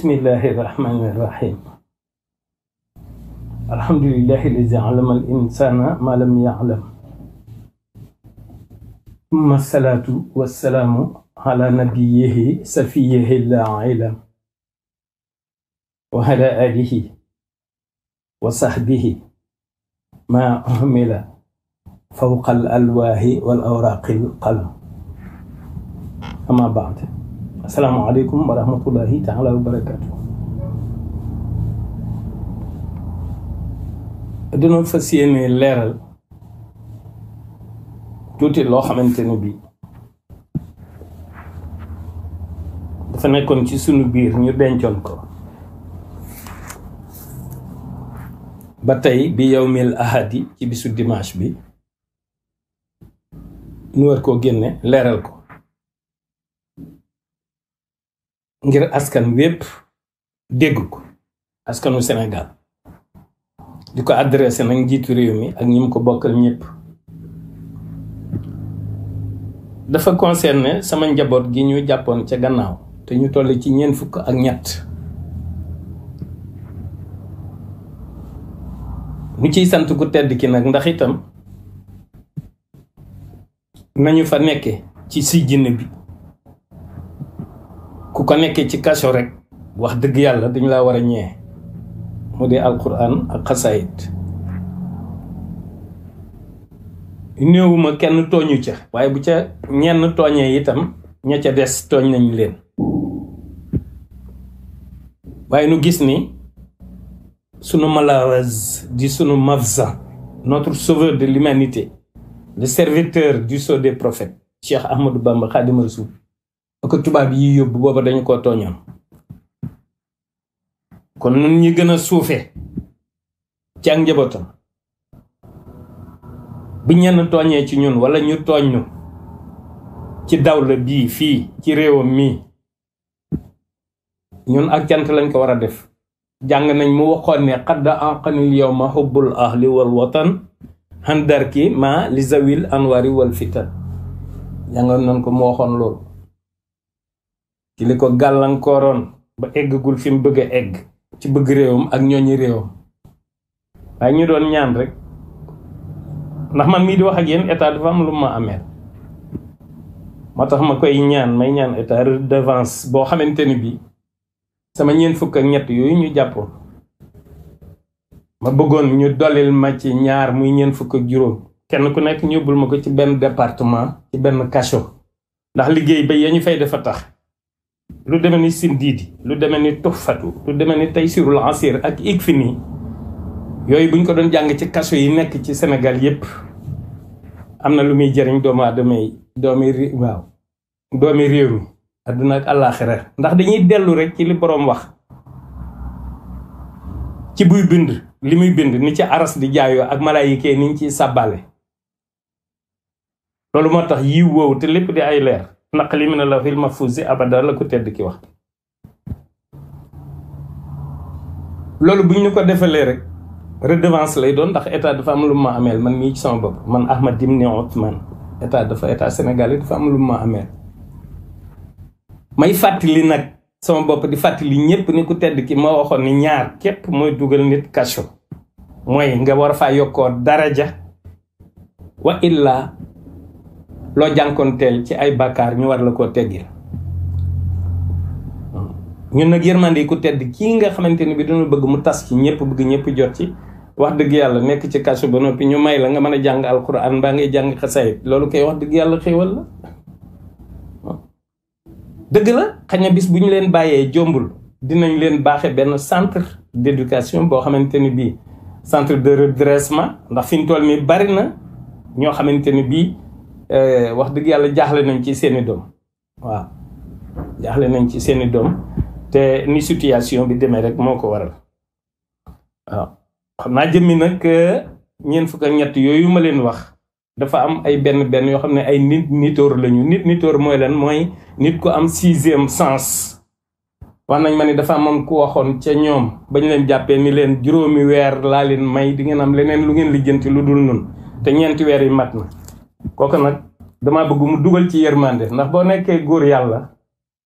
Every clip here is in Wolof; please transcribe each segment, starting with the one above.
bismillahi rahmaani rahim alhamdulillahi lazi alama al insana ma lam yalam umma salaatu wassalaamu ala nabiyihi safiyihi la ilam wa ala alihi wa sahbihi ma uhmila fawqa al alwaahi wal awraaqi al qalam ama baad asalaamaaleykum wa rahmatullahi taala wa barakaatu dina fas leeral tuuti loo xamante ne bii dafa nekkoon ci sunu biir ñu dencoon ko ba tey bi yow yawmil ahadi ci bisu dimanche bi ñu war koo génne leeral ko ngir askan wépp dégg ko askanu Sénégal di ko adressé nag njiitu réew mi ak ñi mu ko bokkal ñépp dafa concerné sama njaboot gi ñu jàppoon ca gannaaw te ñu toll ci ñeent fukk ak ñett ñu ciy sant ku tedd ki nag ndax itam nañu fa nekke ci si jinn bi ku ko nekkee ci kaso rek wax dëgg yàlla dañu laa war a ñee mu dee alquran ak xasaayit néewuma kenn tooñu ca waaye bu ca ñenn tooñee itam ña ca des tooñ nañu leen waaye nu gis ni sunu malawaz di sunu mafza notre sauveur de l'humanité le serviteur du sceau des prophètes Cheikh Ahmadou Bamba Khadim Rassoul ko tubaab yi yóbbu booba dañu ko tooñoon kon nun ñi gën a suufee ci ak njabootam bu ñenn tooñee ci ñun wala ñu tooñ ñu ci dawla bii fii ci réewam mi ñun ak cant lañ ko war a def jàng nañ mu waxoon ne xadda anqanil yow ma xubbul ahli wal watan xandarki ma li zawil anwari wal fitan jàngoon nañ ko mu waxoon loolu ci li ko gàllankooroon ba eggagul fi mu bëgg egg ci bëgg réewam ak ñooñi réewam waaye ñu doon ñaan rek ndax man mii di wax ak yéen état dafa lu ma amee moo tax ma koy ñaan may ñaan état redevance boo xamante ni bii sama ñeent fukk ñett yooyu ñu jàppoon ma bëggoon ñu dolil ma ci ñaar muy ñeent fukk ak juróom kenn ku nekk ñu yóbbul ma ko ci benn département ci benn cachot ndax liggéey ba ya ñu fay dafa tax lu demee ni sindiidi lu demee ni tuffatu lu demee ni taysirul asir ak ikfini yooyu buñ ko doon jàng ci kaso yi nekk ci senegal yépp am na lu muy jëriñ doomu doomi waaw doomi réew mi adduna ak àllaaxira ndax dañuy dellu rek ci li boroom wax ci buy bind li muy bind ni ci aras di jaayoo ak malaayikee niñ ci sàbbale loolu moo tax yiw woowu te lépp di ay leer naqli min al-lawhil mahfuzi abada la ko tedd ki wax loolu bu ñu ko defalee rek redevance lay doon ndax état dafa am lu ma ameel man mii ci sama bopp man Ahmad Dimne Othman état dafa état sénégalais dafa am lu ma ameel may fàttali nag sama bopp di fàttali ñépp ni ku tedd ki ma waxoon ni ñaar képp mooy dugal nit kaso mooy nga war faa yokkoo daraja wa illa loo jànkoonteel ci ay bàkkaar ñu war la koo teggil ñun nag yërmande yi ku tedd kii nga xamante ni bi dañu bëgg mu tas ci ñëpp bëgg ñëpp jot ci wax dëgg yàlla nekk ci kasu ba noppi ñu may la nga mën a jàng alquran mbaa ngay jàng xasayit loolu kay wax dëgg yàlla xéewal la dëgg la xañ na bis bu ñu leen bàyyee jombul dinañ leen baaxe benn centre d'éducation boo xamante ni bii centre de redressement ndax fi ñu toll bari na ñoo xamante ni bii Eh, wax dëgg yàlla jaaxle nañ ci seeni doom waaw jaaxle nañ ci seeni doom te ni situation bi demee rek moo ko waral waaw xam naa jëmmi nag eh, ñeent fukk ak ñett yooyu ma leen wax dafa am ay benn benn yoo xam ne ay nit nitóor lañu nit nitóor mooy leen mooy nit ku am sixième sens wax nañ ma ni dafa amoon ku waxoon ca ñoom bañ leen jàppee ni leen juróomi weer laa leen may di ngeen am leneen lu ngeen lijjanti lu dul nun te ñeenti weer yi mat na kooku nag damaa bëgg mu dugal ci yërmande ndax boo nekkee góor yàlla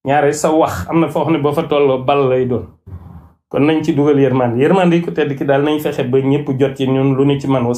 ñaaree sa wax am na foo xam ne boo fa tolloo bal lay doon kon nañ ci dugal yërmande yërmande yi ko tedd ki daal nañ fexe ba ñëpp jot ci ñun lu ne ci man